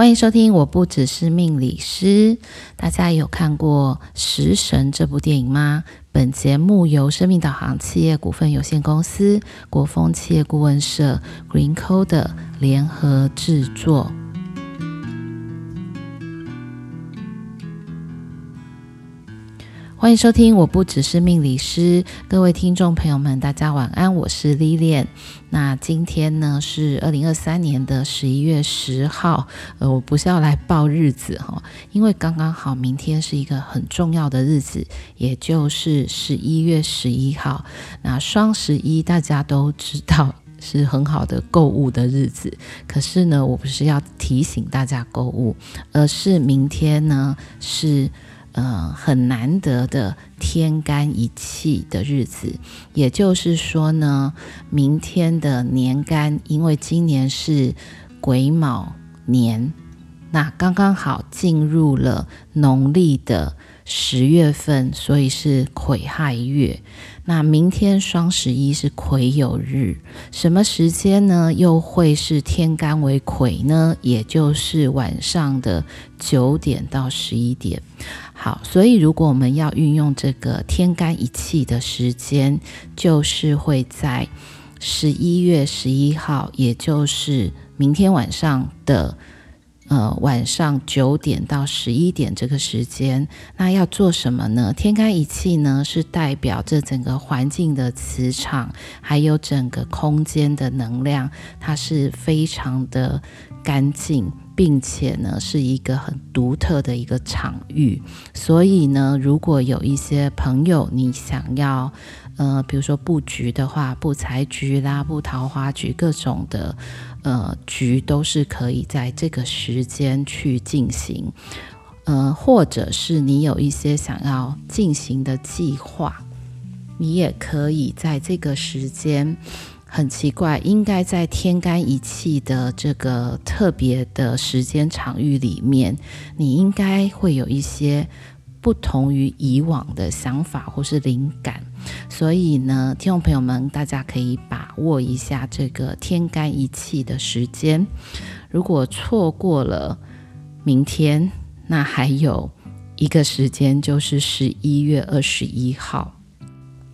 歡迎收聽，我不只是命理師。大家有看過《食神》這部電影嗎？本節目由生命導航企業股份有限公司、國峰企業顧問社、GreenCoder 聯合製作。歡迎收聽，我不只是命理師，各位聽眾朋友們，大家晚安，我是 Lilian。那今天呢是二零二三年的十一月十號，呃，我不是要來報日子哈，因為剛剛好明天是一個很重要的日子，也就是十一月十一號，那雙十一大家都知道是很好的購物的日子，可是呢，我不是要提醒大家購物，而是明天呢是，呃，很難得的天干一氣的日子，也就是說呢，明天的年干，因為今年是癸卯年，那剛剛好進入了農曆的十月份，所以是癸亥月。那明天雙十一是癸酉日，什麼時間呢？又會是天干為癸呢？也就是晚上的九點到十一點。好，所以如果我們要運用這個天干一氣的時間，就是會在十一月十一號，也就是明天晚上的呃晚上九點到十一點這個時間。那要做什麼呢？天干一氣呢，是代表著整個環境的磁場，還有整個空間的能量，它是非常的乾淨。並且呢，是一個很獨特的一個場域，所以呢，如果有一些朋友你想要，呃，比如說布局的話，布財局啦，布桃花局，各種的，呃，局都是可以在這個時間去進行，呃，或者是你有一些想要進行的計劃，你也可以在這個時間。很奇怪，應該在天干一氣的這個特別的時間場域裡面，你應該會有一些不同於以往的想法或是靈感。所以呢，聽眾朋友們，大家可以把握一下這個天干一氣的時間。如果錯過了明天，那還有一個時間就是十一月二十一號。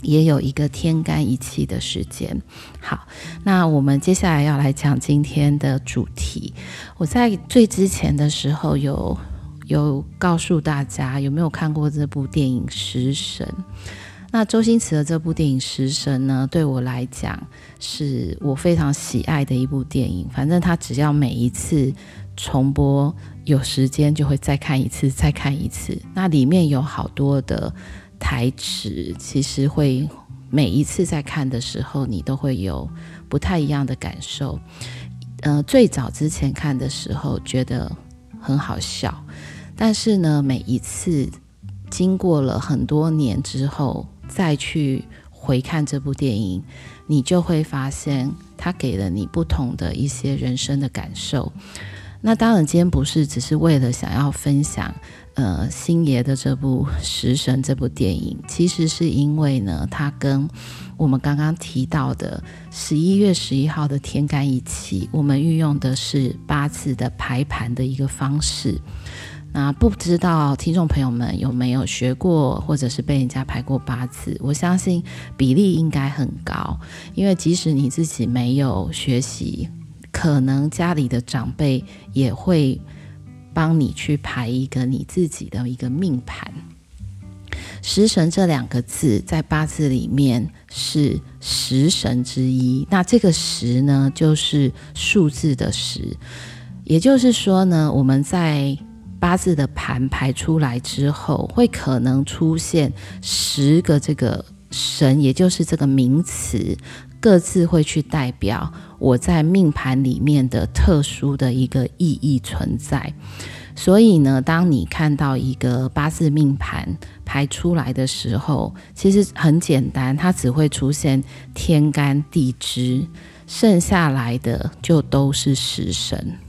也有一個天干一氣的時間。好，那我們接下來要來講今天的主題。我在最之前的時候有有告訴大家，有沒有看過這部電影《食神》？那周星馳的這部電影《食神》呢，對我來講是我非常喜愛的一部電影。反正他只要每一次重播，有時間就會再看一次，再看一次。那裡面有好多的。台詞其實會每一次在看的時候，你都會有不太一樣的感受。呃，最早之前看的時候覺得很好笑，但是呢，每一次經過了很多年之後再去回看這部電影，你就會發現它給了你不同的一些人生的感受。那當然，今天不是只是為了想要分享。呃，星爺的這部《食神》這部電影，其實是因為呢，他跟我們剛剛提到的十一月十一號的天干一氣。我們運用的是八字的排盤的一個方式。那不知道聽眾朋友們有沒有學過，或者是被人家排過八字？我相信比例應該很高，因為即使你自己沒有學習，可能家裡的長輩也會。幫你去排一個你自己的一個命盤，食神這兩個字在八字裡面是十神之一。那這個十呢，就是數字的十。也就是說呢，我們在八字的盤排出來之後，會可能出現十個這個神，也就是這個名詞，各自會去代表我在命盤裡面的特殊的一個意義存在，所以呢，當你看到一個八字命盤排出來的時候，其實很簡單，它只會出現天干地支，剩下來的就都是食神。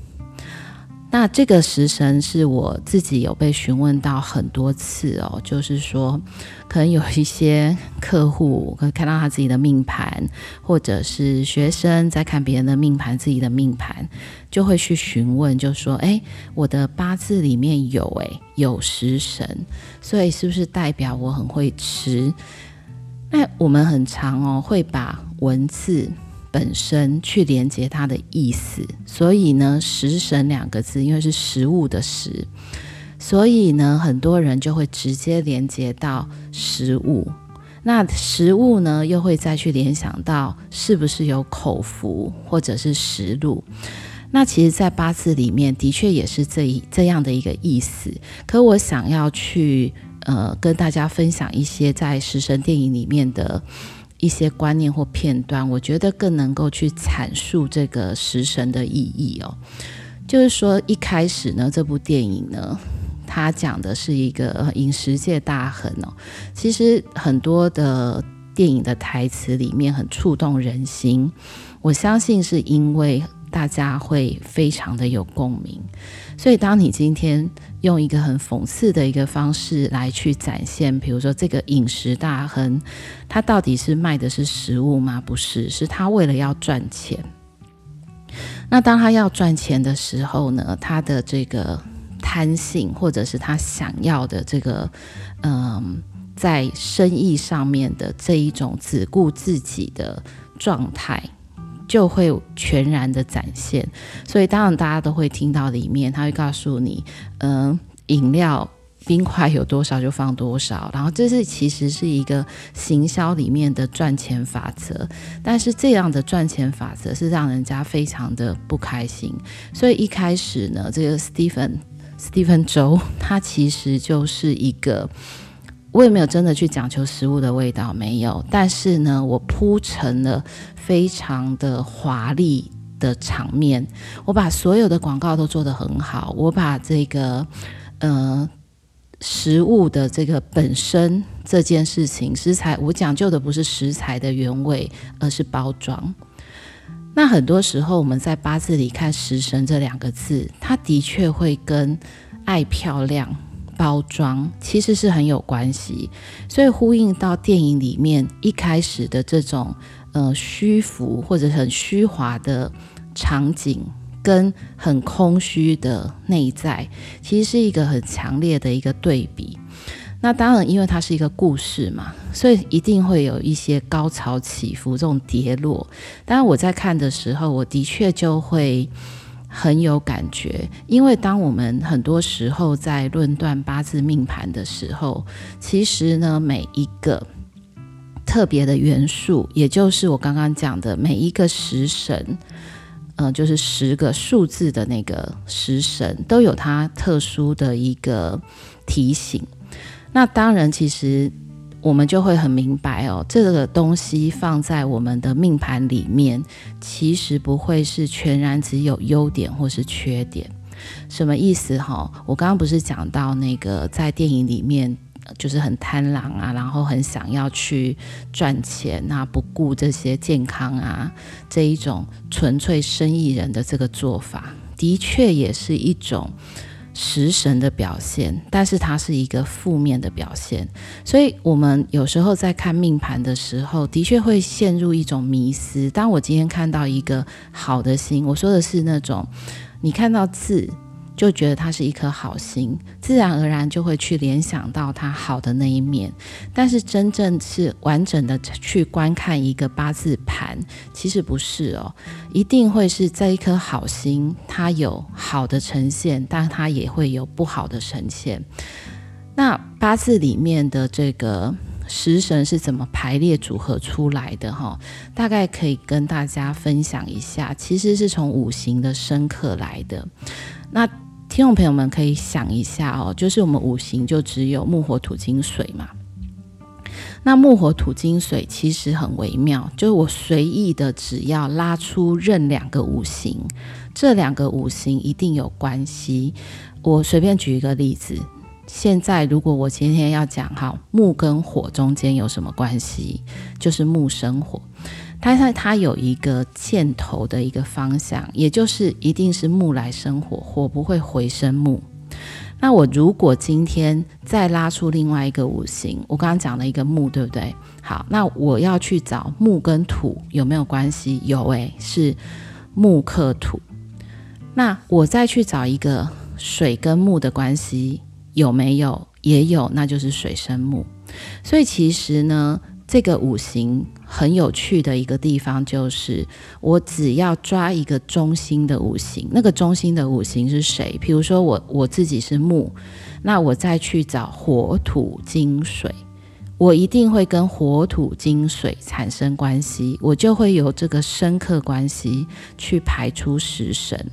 那這個食神是我自己有被詢問到很多次哦，就是說，可能有一些客戶可以看到他自己的命盤，或者是學生在看別人的命盤，自己的命盤就會去詢問，就說：“哎、欸，我的八字裡面有誒、欸，有食神，所以是不是代表我很會吃？”那我們很常哦，會把文字。本身去連接它的意思，所以呢，“食神”兩個字因為是食物的“食”，所以呢，很多人就會直接連接到食物。那食物呢，又會再去聯想到是不是有口福，或者是食祿。那其實，在八字裡面，的確也是這一這樣的一個意思。可我想要去呃，跟大家分享一些在食神電影裡面的。一些觀念或片段，我覺得更能夠去闡述這個食神的意義哦。就是說，一開始呢，這部電影呢，它講的是一個飲食界大亨哦。其實很多的電影的台詞裡面很觸動人心，我相信是因為大家會非常的有共鳴。所以，當你今天用一個很諷刺的一個方式來去展現，比如說這個飲食大亨，他到底是賣的是食物嗎？不是，是他為了要賺錢。那當他要賺錢的時候呢，他的這個貪性，或者是他想要的這個，嗯、呃，在生意上面的這一種只顧自己的狀態。就會全然的展現，所以當然大家都會聽到裡面，他會告訴你，嗯，飲料冰塊有多少就放多少，然後這是其實是一個行銷裡面的賺錢法則，但是這樣的賺錢法則是讓人家非常的不開心，所以一開始呢，這個 Steven, Stephen Stephen 周，他其實就是一個我也沒有真的去講求食物的味道，沒有，但是呢，我鋪成了。非常的華麗的場面，我把所有的廣告都做得很好，我把這個呃食物的這個本身這件事情，食材我講究的不是食材的原味，而是包裝。那很多時候我們在八字裡看食神這兩個字，它的確會跟愛漂亮、包裝，其實是很有關係，所以呼應到電影裡面一開始的這種。呃、嗯，虛浮或者很虛華的場景，跟很空虛的內在，其實是一個很強烈的一個對比。那當然，因為它是一個故事嘛，所以一定會有一些高潮起伏，這種跌落。當然，我在看的時候，我的確就會很有感覺，因為當我們很多時候在論斷八字命盤的時候，其實呢，每一個。特別的元素，也就是我剛剛講的每一個食神，嗯、呃，就是十個數字的那個食神，都有它特殊的一個提醒。那當然，其實我們就會很明白哦，這個東西放在我們的命盤裡面，其實不會是全然只有優點或是缺點。什麼意思哈？我剛剛不是講到那個在電影裡面。就是很貪婪啊，然後很想要去賺錢那、啊、不顧這些健康啊，這一種純粹生意人的這個做法，的確也是一種食神的表現，但是它是一個負面的表現。所以，我們有時候在看命盤的時候，的確會陷入一種迷思。當我今天看到一個好的星，我說的是那種你看到字。就覺得他是一顆好心，自然而然就會去聯想到他好的那一面。但是真正是完整的去觀看一個八字盤，其實不是哦，一定會是這一顆好心，它有好的呈現，但它也會有不好的呈現。那八字裡面的這個食神是怎麼排列組合出來的哦？哈，大概可以跟大家分享一下，其實是從五行的生剋來的。那聽眾朋友們可以想一下哦，就是我們五行就只有木火土金水嘛。那木火土金水其實很微妙，就是我隨意的只要拉出任兩個五行，這兩個五行一定有關係。我隨便舉一個例子，現在如果我今天要講哈，木跟火中間有什麼關係，就是木生火。它在，但是它有一個箭頭的一個方向，也就是一定是木來生火，火不會回生木。那我如果今天再拉出另外一個五行，我剛剛講了一個木，對不對？好，那我要去找木跟土有沒有關係？有、欸，誒，是木克土。那我再去找一個水跟木的關係有沒有？也有，那就是水生木。所以其實呢，這個五行。很有趣的一個地方就是，我只要抓一個中心的五行，那個中心的五行是誰？比如說我我自己是木，那我再去找火、土、金、水。我一定會跟火土金水產生關係，我就會有這個生剋關係去排出食神。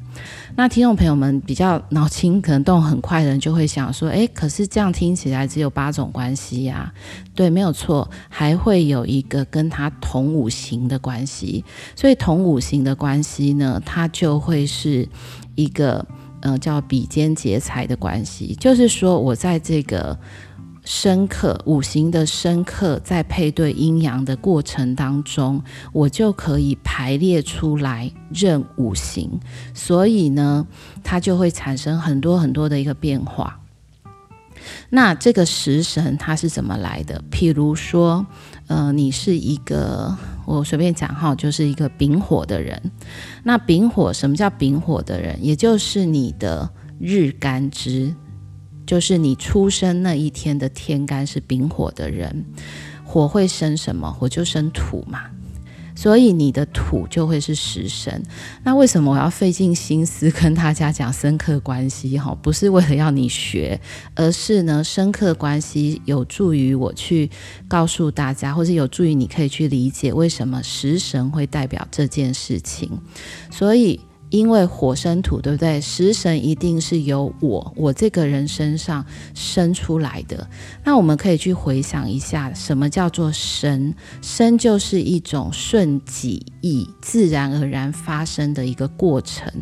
那聽眾朋友們比較腦筋，可能動很快的人就會想說：“哎，可是這樣聽起來只有八種關係呀？啊？”對，沒有錯，還會有一個跟他同五行的關係。所以同五行的關係呢，它就會是一個嗯、呃，叫比肩劫財的關係，就是說我在這個。生剋，五行的生剋，在配對陰陽的過程當中，我就可以排列出來認五行，所以呢，它就會產生很多很多的一個變化。那這個食神它是怎麼來的？譬如說，呃，你是一個，我隨便講哈，就是一個丙火的人。那丙火什麼叫丙火的人？也就是你的日干支。就是你出生那一天的天干是丙火的人，火會生什麼？火就生土嘛，所以你的土就會是食神。那為什麼我要費盡心思跟大家講生剋關係？哈，不是為了要你學，而是呢，生剋關係有助於我去告訴大家，或是有助於你可以去理解為什麼食神會代表這件事情。所以。因為火生土，對不對？食神一定是由我我這個人身上生出來的。那我們可以去回想一下，什麼叫做神生？神就是一種順己意、自然而然發生的一個過程。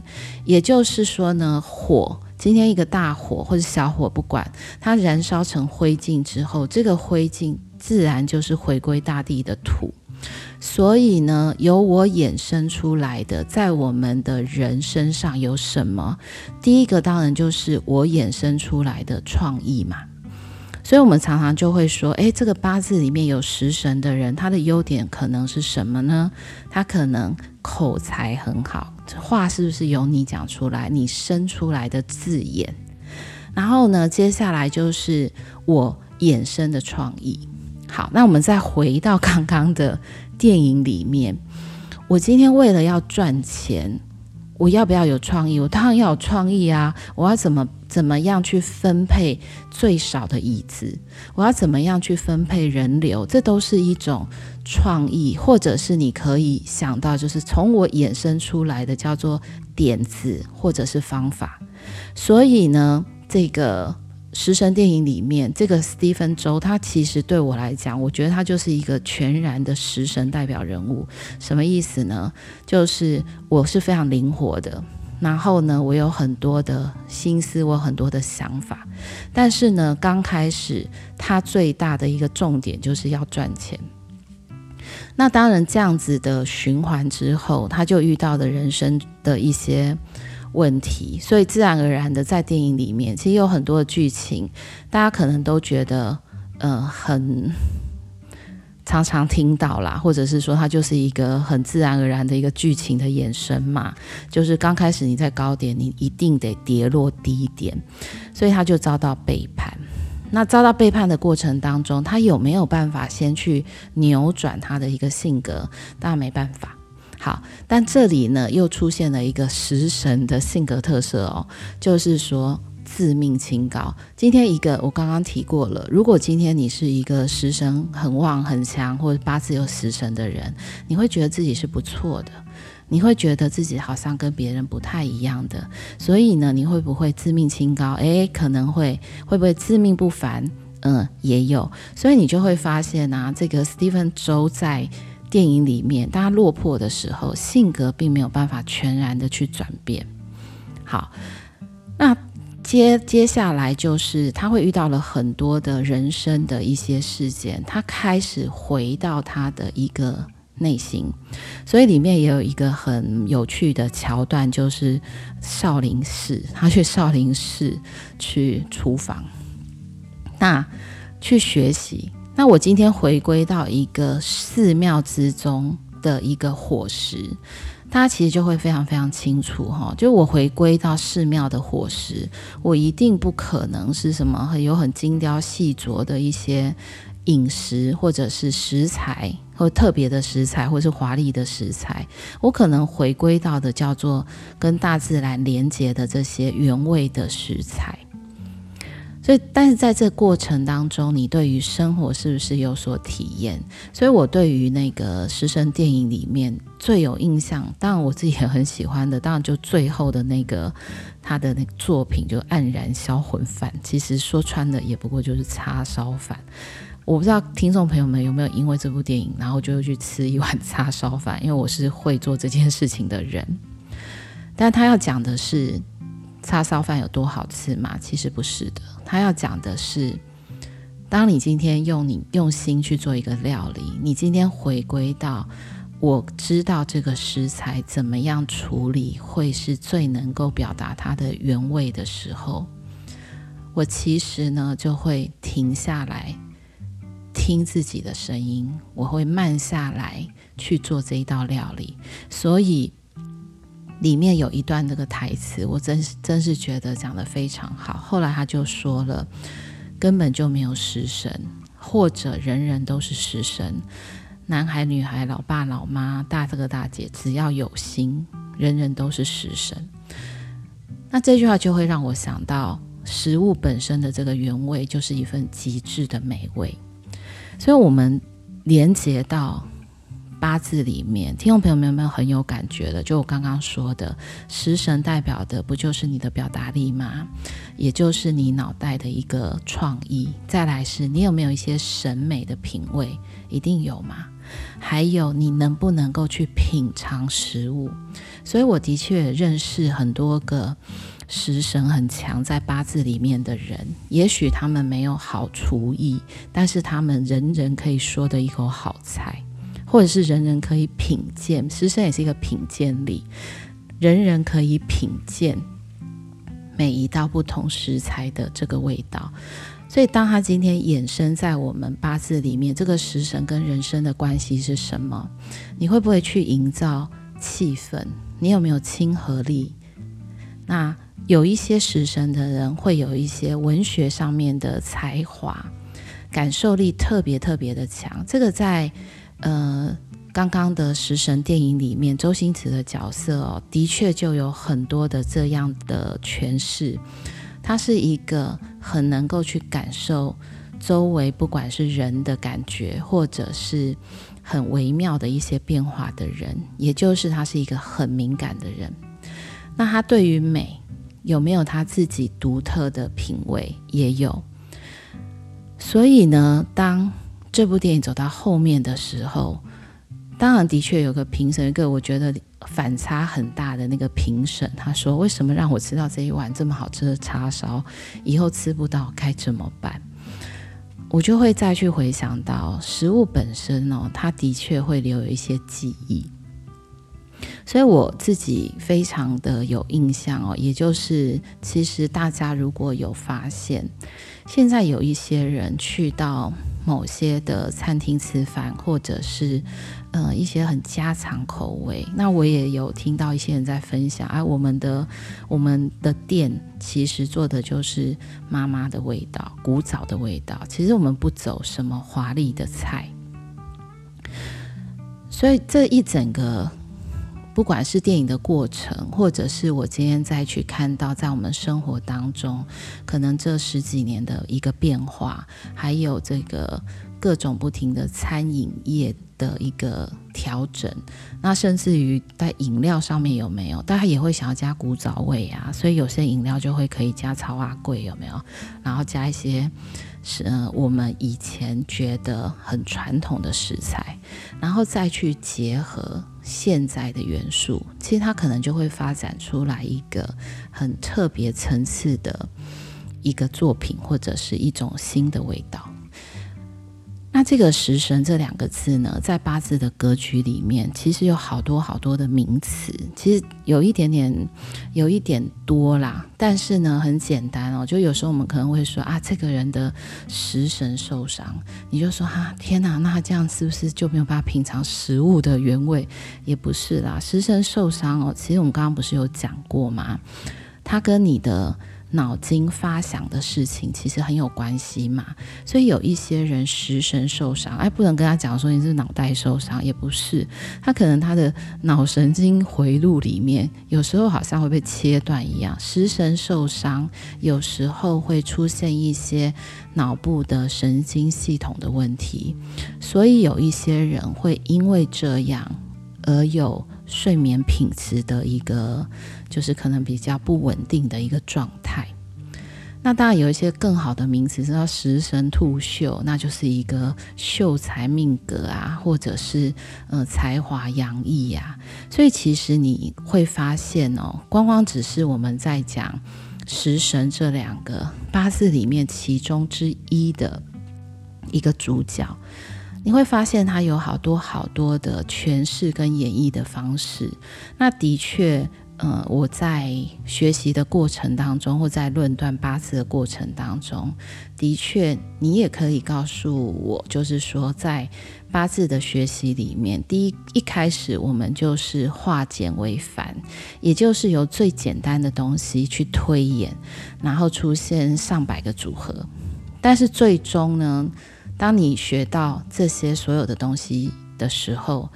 也就是說呢，火今天一個大火或者小火不管，它燃燒成灰燼之後，這個灰燼自然就是回歸大地的土。所以呢，由我衍生出來的，在我們的人身上有什麼？第一個當然就是我衍生出來的創意嘛。所以，我們常常就會說，誒，這個八字裡面有食神的人，他的優點可能是什麼呢？他可能口才很好，這話是不是由你講出來，你生出來的字眼？然後呢，接下來就是我衍生的創意。好，那我們再回到剛剛的電影裡面。我今天為了要賺錢，我要不要有創意？我當然要有創意啊！我要怎麼怎麼樣去分配最少的椅子？我要怎麼樣去分配人流？這都是一種創意，或者是你可以想到，就是從我衍生出來的叫做點子，或者是方法。所以呢，這個。食神電影裡面，這個斯蒂芬·周他其實對我來講，我覺得他就是一個全然的食神代表人物。什麼意思呢？就是我是非常靈活的，然後呢，我有很多的心思，我有很多的想法。但是呢，剛開始他最大的一個重點就是要賺錢。那當然，這樣子的循環之後，他就遇到的人生的一些問題，所以自然而然的在電影裡面，其實有很多的劇情，大家可能都覺得，呃，很常常聽到啦，或者是說它就是一個很自然而然的一個劇情的延伸嘛。就是剛開始你在高點，你一定得跌落低一點，所以他就遭到背叛。那遭到背叛的過程當中，他有沒有辦法先去扭轉他的一個性格？大家沒辦法。好，但這裡呢又出現了一個食神的性格特色哦，就是說自命清高。今天一個我剛剛提過了，如果今天你是一個食神很旺很強，或者八字有食神的人，你會覺得自己是不錯的，你會覺得自己好像跟別人不太一樣的，所以呢，你會不會自命清高？誒，可能會，會不會自命不凡？嗯，也有，所以你就會發現啊，這個史蒂芬周在。電影裡面，當他落魄的時候，性格並沒有辦法全然的去轉變。好，那接接下來就是他會遇到了很多的人生的一些事件，他開始回到他的一個內心。所以裡面也有一個很有趣的橋段，就是少林寺，他去少林寺去廚房，那去學習。那我今天回歸到一個寺廟之中的一個伙食，大家其實就會非常非常清楚哈，就是我回歸到寺廟的伙食，我一定不可能是什麼很有很精雕細琢的一些飲食或者是食材，或者特別的食材，或者是華麗的食材，我可能回歸到的叫做跟大自然連接的這些原味的食材。所以，但是在這個過程當中，你對於生活是不是有所體驗？所以我對於那個食神電影裡面最有印象，當然我自己也很喜歡的，當然就最後的那個他的那個作品就《黯然銷魂飯》，其實說穿的也不過就是叉燒飯。我不知道聽眾朋友們有沒有因為這部電影，然後就會去吃一碗叉燒飯？因為我是會做這件事情的人，但他要講的是。叉燒飯有多好吃嗎？其實不是的。他要講的是，當你今天用你用心去做一個料理，你今天回歸到我知道這個食材怎麼樣處理會是最能夠表達它的原味的時候，我其實呢就會停下來聽自己的聲音，我會慢下來去做這一道料理，所以。裡面有一段那個台詞，我真是真是覺得講得非常好。後來他就說了，根本就沒有食神，或者人人都是食神，男孩女孩、老爸老媽、大哥哥大姐，只要有心，人人都是食神。那這句話就會讓我想到，食物本身的這個原味就是一份極致的美味，所以我們連接到。八字裡面，聽眾朋友們有沒有很有感覺的？就我剛剛說的，食神代表的不就是你的表達力嗎？也就是你腦袋的一個創意。再來是你有沒有一些審美的品味，一定有嗎？還有你能不能夠去品嘗食物？所以我的確認識很多個食神很強在八字裡面的人，也許他們沒有好廚藝，但是他們人人可以說的一口好菜。或者是人人可以品鑑，食神也是一個品鑑力，人人可以品鑑每一道不同食材的這個味道。所以，當他今天衍生在我們八字裡面，這個食神跟人生的關係是什麼？你會不會去營造氣氛？你有沒有親和力？那有一些食神的人會有一些文學上面的才華，感受力特別特別的強。這個在。呃，剛剛的《食神》電影裡面，周星馳的角色哦，的確就有很多的這樣的詮釋。他是一個很能夠去感受周圍不管是人的感覺，或者是很微妙的一些變化的人，也就是他是一個很敏感的人。那他對於美有沒有他自己獨特的品味？也有。所以呢，當。這部電影走到後面的時候，當然的確有個評審，一個我覺得反差很大的那個評審，他說：“為什麼讓我吃到這一碗這麼好吃的叉燒，以後吃不到該怎麼辦？”我就會再去回想到食物本身哦，它的確會留有一些記憶，所以我自己非常的有印象哦。也就是，其實大家如果有發現，現在有一些人去到。某些的餐廳吃飯，或者是嗯、呃、一些很家常口味，那我也有聽到一些人在分享，哎、啊，我們的我們的店其實做的就是媽媽的味道、古早的味道，其實我們不走什麼華麗的菜，所以這一整個。不管是電影的過程，或者是我今天再去看到，在我們生活當中，可能這十幾年的一個變化，還有這個各種不停的餐飲業的一個調整，那甚至於在飲料上面有沒有，大家也會想要加古早味啊，所以有些飲料就會可以加草啊貴有沒有？然後加一些是呃我們以前覺得很傳統的食材，然後再去結合現在的元素，其實它可能就會發展出來一個很特別層次的一個作品，或者是一種新的味道。那這個食神這兩個字呢，在八字的格局裡面，其實有好多好多的名詞，其實有一點點，有一點多啦。但是呢，很簡單哦，就有時候我們可能會說啊，這個人的食神受傷，你就說啊，天哪，那他這樣是不是就沒有辦法品嘗食物的原味？也不是啦，食神受傷哦，其實我們剛剛不是有講過嗎？他跟你的。腦筋發想的事情其實很有關係嘛，所以有一些人食神受傷，哎，不能跟他講說你是，是腦袋受傷，也不是，他可能他的腦神經回路裡面有時候好像會被切斷一樣，食神受傷，有時候會出現一些腦部的神經系統的問題，所以有一些人會因為這樣而有。睡眠品質的一個，就是可能比較不穩定的一個狀態。那當然有一些更好的名詞，是叫食神吐秀，那就是一個秀才命格啊，或者是呃才華洋溢呀、啊。所以其實你會發現哦、喔，光光只是我們在講食神這兩個八字裡面其中之一的一個主角。你會發現它有好多好多的詮釋跟演繹的方式。那的確，呃，我在學習的過程當中，或在論斷八字的過程當中，的確，你也可以告訴我，就是說，在八字的學習裡面，第一一開始我們就是化簡為繁，也就是由最簡單的東西去推演，然後出現上百個組合，但是最終呢？當你學到這些所有的東西的時候，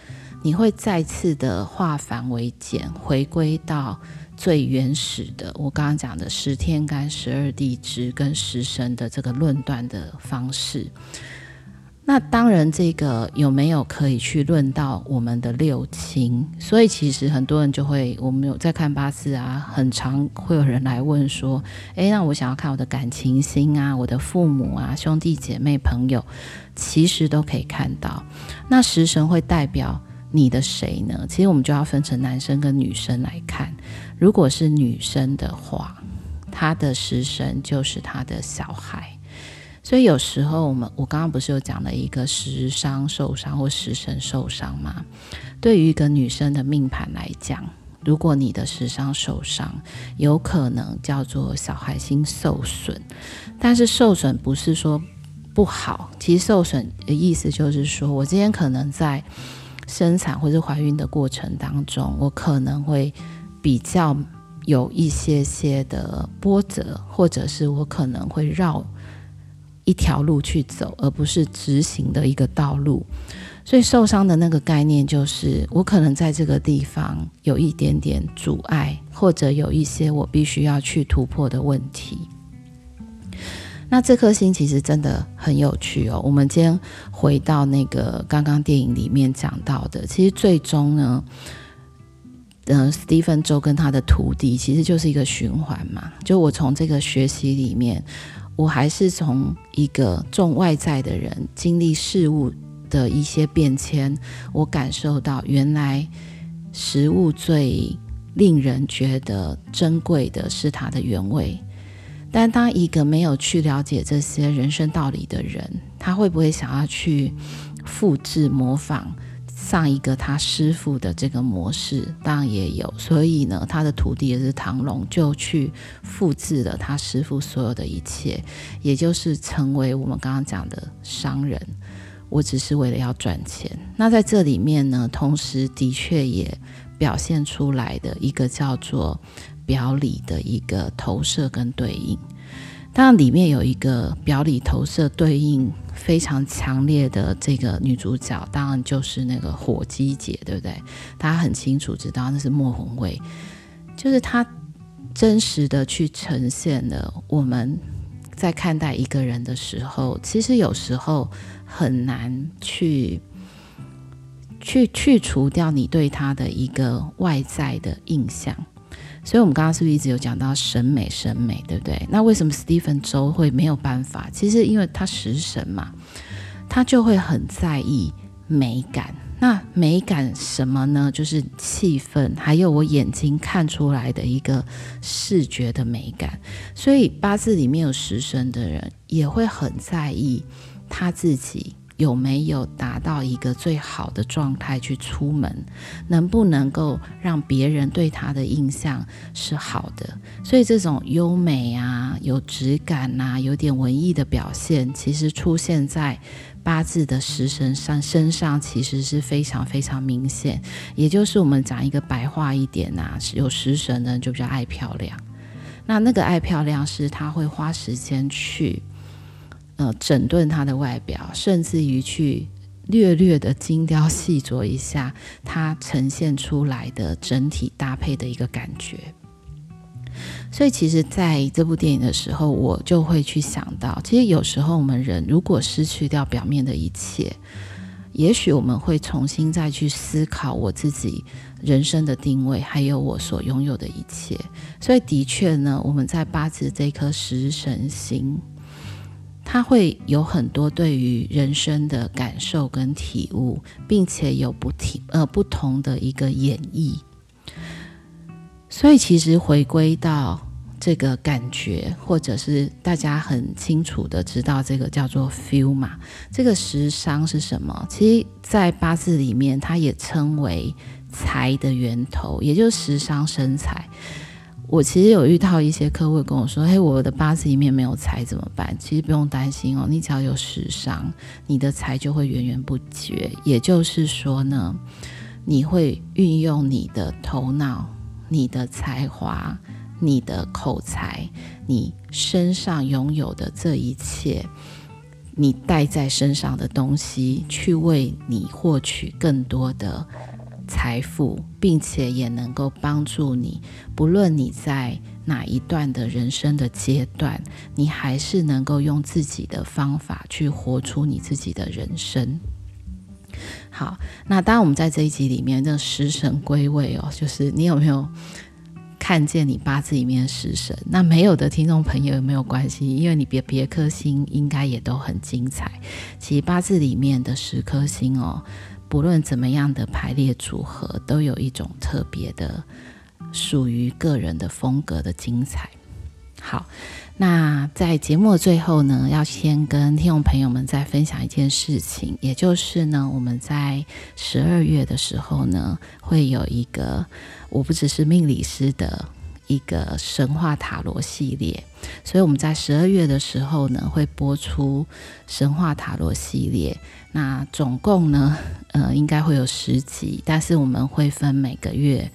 你會再次的化繁為簡，回歸到最原始的我剛剛講的十天干、十二地支跟十神的這個論斷的方式。那當然，這個有沒有可以去論到我們的六親？所以其實很多人就會，我們有在看八字啊，很常會有人來問說：誒，那我想要看我的感情星啊，我的父母啊，兄弟姐妹朋友，其實都可以看到。那食神會代表你的誰呢？其實我們就要分成男生跟女生來看。如果是女生的話，她的食神就是她的小孩。所以有時候我們，我剛剛不是有講了一個食傷受傷或食神受傷嗎對於一個女生的命盤來講，如果你的食傷受傷，有可能叫做小孩心受損，但是受損不是說不好，其實受損的意思就是說我今天可能在生產或者懷孕的過程當中，我可能會比較有一些些的波折，或者是我可能會繞。一條路去走，而不是直行的一個道路，所以受傷的那個概念就是我可能在這個地方有一點點阻礙，或者有一些我必須要去突破的問題。那這顆星其實真的很有趣哦。我們今天回到那個剛剛電影裡面講到的，其實最終呢，嗯、呃，史蒂芬周跟他的徒弟其實就是一個循環嘛，就我從這個學習裡面。我還是從一個重外在的人經歷事物的一些變遷，我感受到原來食物最令人覺得珍貴的是它的原味。但當一個沒有去了解這些人生道理的人，他會不會想要去複製模仿？上一個他師傅的這個模式，當然也有，所以呢，他的徒弟也是唐龍，就去複製了他師傅所有的一切，也就是成為我們剛剛講的商人，我只是為了要賺錢。那在這裡面呢，同時的確也表現出來的一個叫做表裡的一個投射跟對應。當然，裡面有一個表裡投射對應非常強烈的這個女主角，當然就是那個火雞姐，對不對？大家很清楚知道那是莫文蔚，就是她真實的去呈現了我們在看待一個人的時候，其實有時候很難去去去除掉你對她的一個外在的印象。所以，我們剛剛是不是一直有講到審美？審美，對不對？那為什麼史蒂芬周會沒有辦法？其實，因為他食神嘛，他就會很在意美感。那美感什麼呢？就是氣氛，還有我眼睛看出來的一個視覺的美感。所以，八字裡面有食神的人，也會很在意他自己。有沒有達到一個最好的狀態去出門？能不能夠讓別人對他的印象是好的？所以這種優美啊、有質感啊、有點文藝的表現，其實出現在八字的食神上身上，其實是非常非常明顯。也就是我們講一個白話一點啊，有食神的人就比較愛漂亮。那那個愛漂亮是他會花時間去。呃，整頓它的外表，甚至於去略略的精雕細琢一下它呈現出來的整體搭配的一個感覺。所以，其實在這部電影的時候，我就會去想到，其實有時候我們人如果失去掉表面的一切，也許我們會重新再去思考我自己人生的定位，還有我所擁有的一切。所以，的確呢，我們在八字這顆食神星，他會有很多對於人生的感受跟體悟，並且有不體呃，不同的一個演繹。所以其實回歸到這個感覺，或者是大家很清楚的知道這個叫做 “feel” 嘛，這個食傷是什麼？其實在八字裡面，它也稱為財的源頭，也就是食傷生財。我其實有遇到一些客戶跟我說：“嘿，我的八字裡面沒有財怎麼辦？”其實不用擔心哦，你只要有食神，你的財就會源源不絕。也就是說呢，你會運用你的頭腦、你的才華、你的口才，你身上擁有的這一切，你帶在身上的東西，去為你獲取更多的。財富，並且也能夠幫助你。不論你在哪一段的人生的階段，你還是能夠用自己的方法去活出你自己的人生。好，那當然我們在這一集裡面的食神歸位哦，就是你有沒有看見你八字裡面的食神？那沒有的聽眾朋友也沒有關係，因為你別別顆星應該也都很精彩。其實八字裡面的十顆星哦。不論怎麼樣的排列組合，都有一種特別的屬於個人的風格的精彩。好，那在節目的最後呢，要先跟聽眾朋友們再分享一件事情，也就是呢，我們在十二月的時候呢，會有一個我不只是命理師的一個神話塔羅系列，所以我們在十二月的時候呢，會播出神話塔羅系列。那總共呢，呃，應該會有十集，但是我們會分每個月，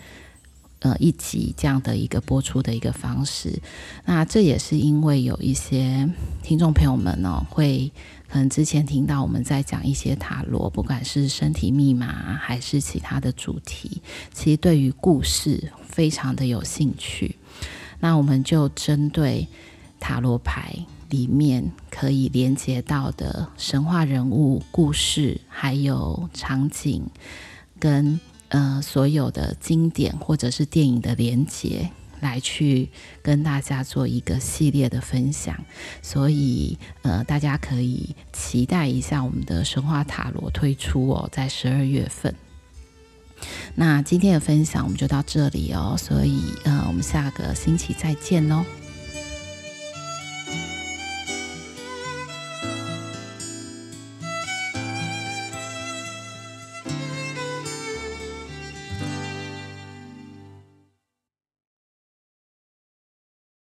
呃，一集這樣的一個播出的一個方式。那這也是因為有一些聽眾朋友們呢、喔，會可能之前聽到我們在講一些塔羅，不管是身體密碼、啊、還是其他的主題，其實對於故事非常的有興趣。那我們就針對塔羅牌。裡面可以連接到的神話人物、故事，還有場景，跟呃所有的經典或者是電影的連接，來去跟大家做一個系列的分享。所以呃，大家可以期待一下我們的神話塔羅推出哦，在十二月份。那今天的分享我們就到這裡哦，所以呃，我們下個星期再見嘍。